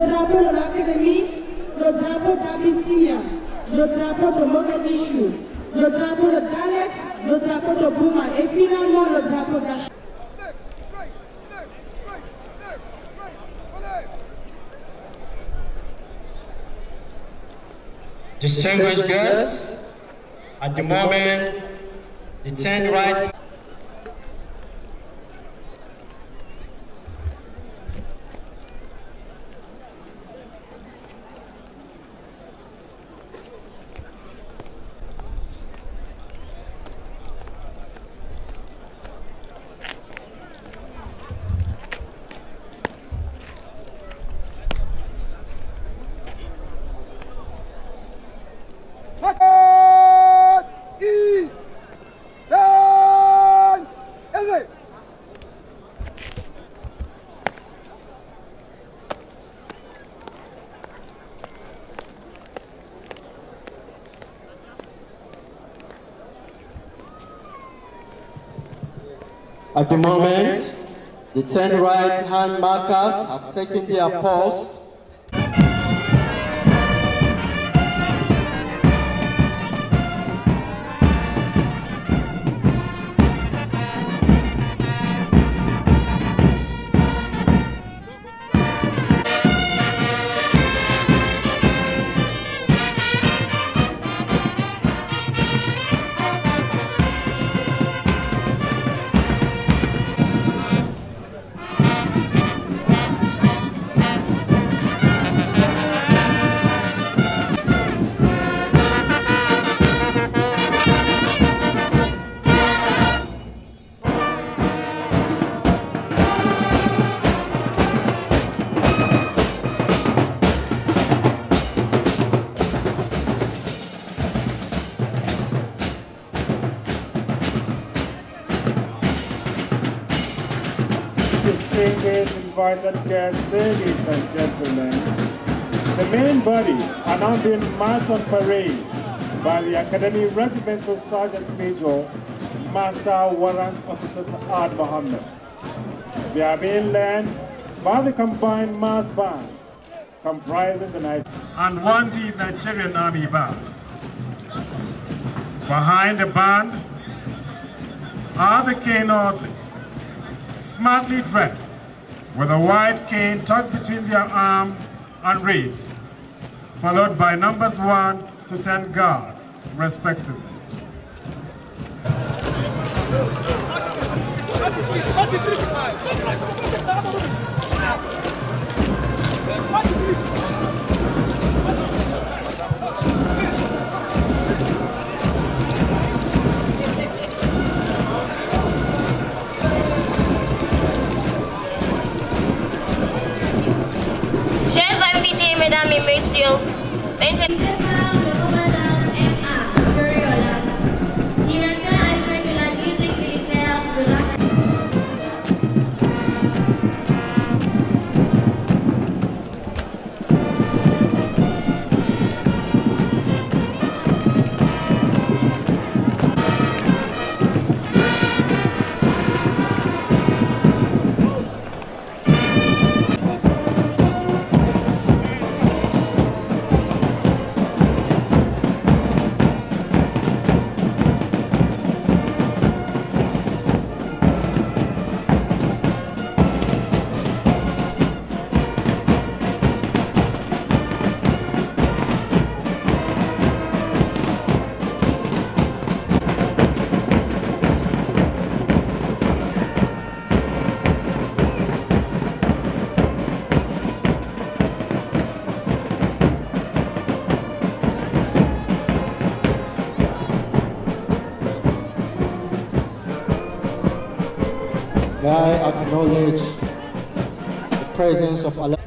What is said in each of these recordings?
Raport l'Académie, le drapeau d'Abyssia, le drapeau de Mogadishu, le drapeau de Dalek, le drapeau de Bouma et finalement le drapeau d'Achille. Distinguished guests, at the moment, the 10 right At the moment, the 10 right-hand markers have taken their post invited guests, ladies and gentlemen. The main body are now being marched on parade by the Academy Regimental Sergeant Major, Master Warrant Officer Saad Mohammed. They are being led by the combined mass band comprising the Niger and one deep Nigerian army band. Behind the band are the K smartly dressed with a white cane tucked between their arms and ribs, followed by numbers 1 to 10 guards, respectively. 没下。I acknowledge the presence of Allah.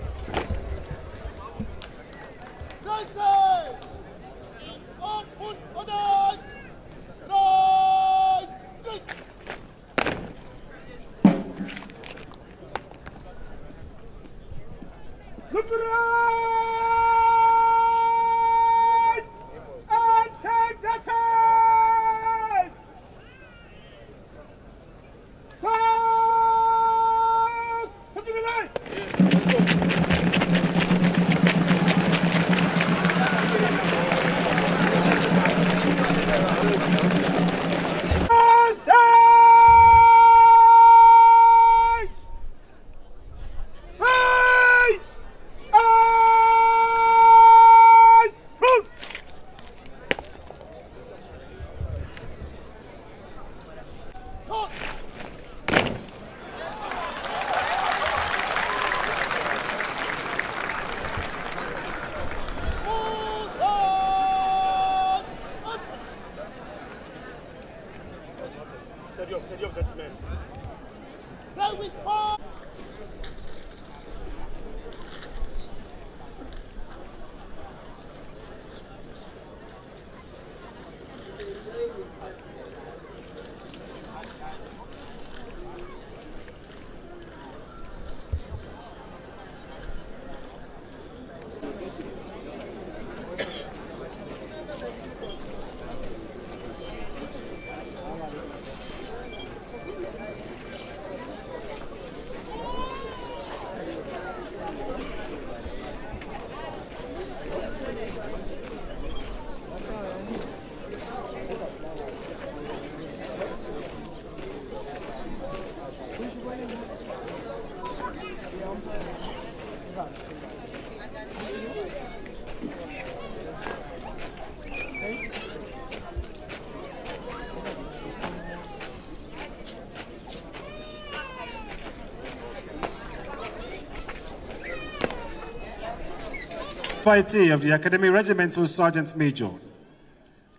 of the Academy Regimental Sergeant Major.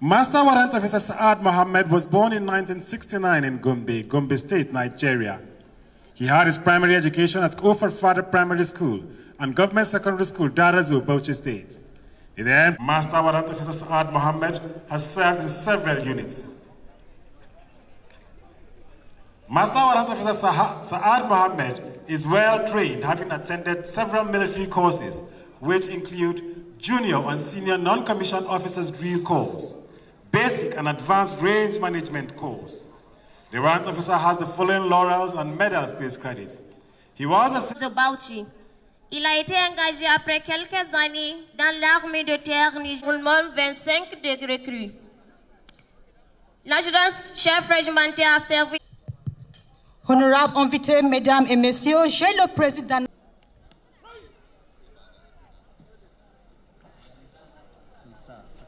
Master Warrant Officer Saad Mohammed was born in 1969 in Gombe, Gombe State, Nigeria. He had his primary education at Kofar Father Primary School and Government Secondary School, Darazu, Bauchi State. He then, Master Warrant Officer Saad Mohammed has served in several units. Master Warrant Officer Saad Mohammed is well trained, having attended several military courses which include junior and senior non-commissioned officers drill course, basic and advanced range management course. The warrant officer has the following laurels and medals to his credit. He was a... The Bauchi. Il a été engagé après quelques années dans l'armée de terre Nijoulmon 25 de recrues. L'adjudant chef régimentaire a servi. Honorable invité, mesdames et messieurs, j'ai le président. essa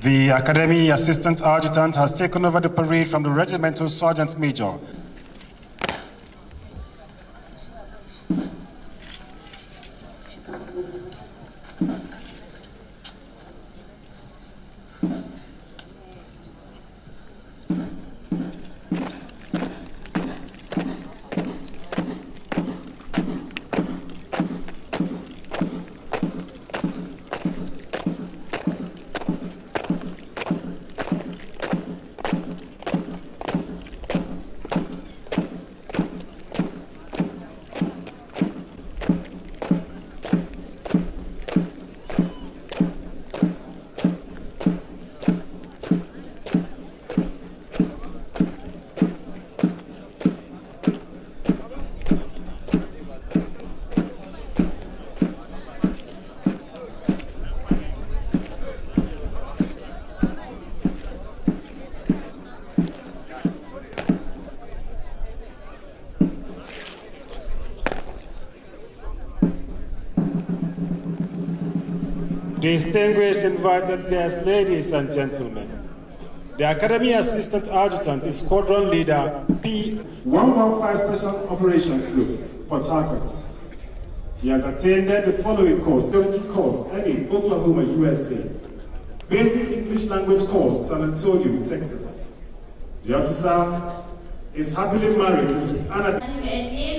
The Academy Assistant Adjutant has taken over the parade from the Regimental Sergeant Major Distinguished invited guests, ladies and gentlemen, the Academy Assistant Adjutant is Squadron Leader P115 Special Operations Group, Port Harcourt. He has attended the following course, security course, in Oklahoma, USA. Basic English language course, San Antonio, Texas. The officer is happily married to Mrs. Anna.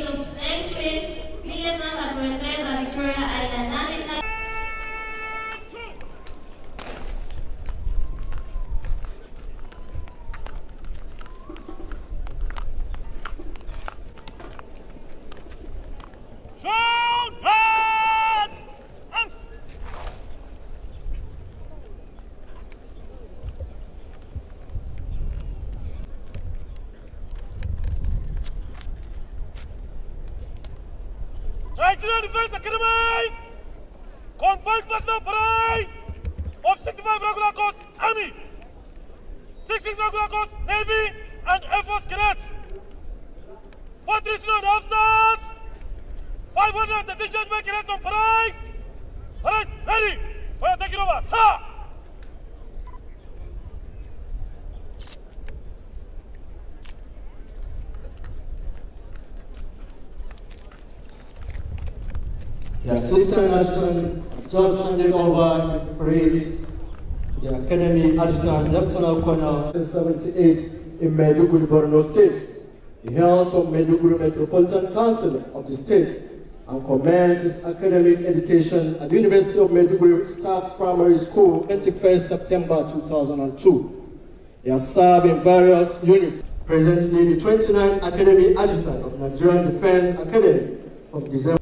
65 regular Army, 66 regular Navy and Air Force cadets, 439 officers, 530 judgment cadets on parade. All right, ready for taking over, sir. The assistant over the rate the Academy Adjutant Lieutenant Colonel 78 in Maiduguri, Borno State. He hails from Maiduguri Metropolitan Council of the state and commenced his academic education at the University of Maiduguri Staff Primary School 21 September 2002. He has served in various units, presently the 29th Academy Adjutant of Nigerian Defense Academy from December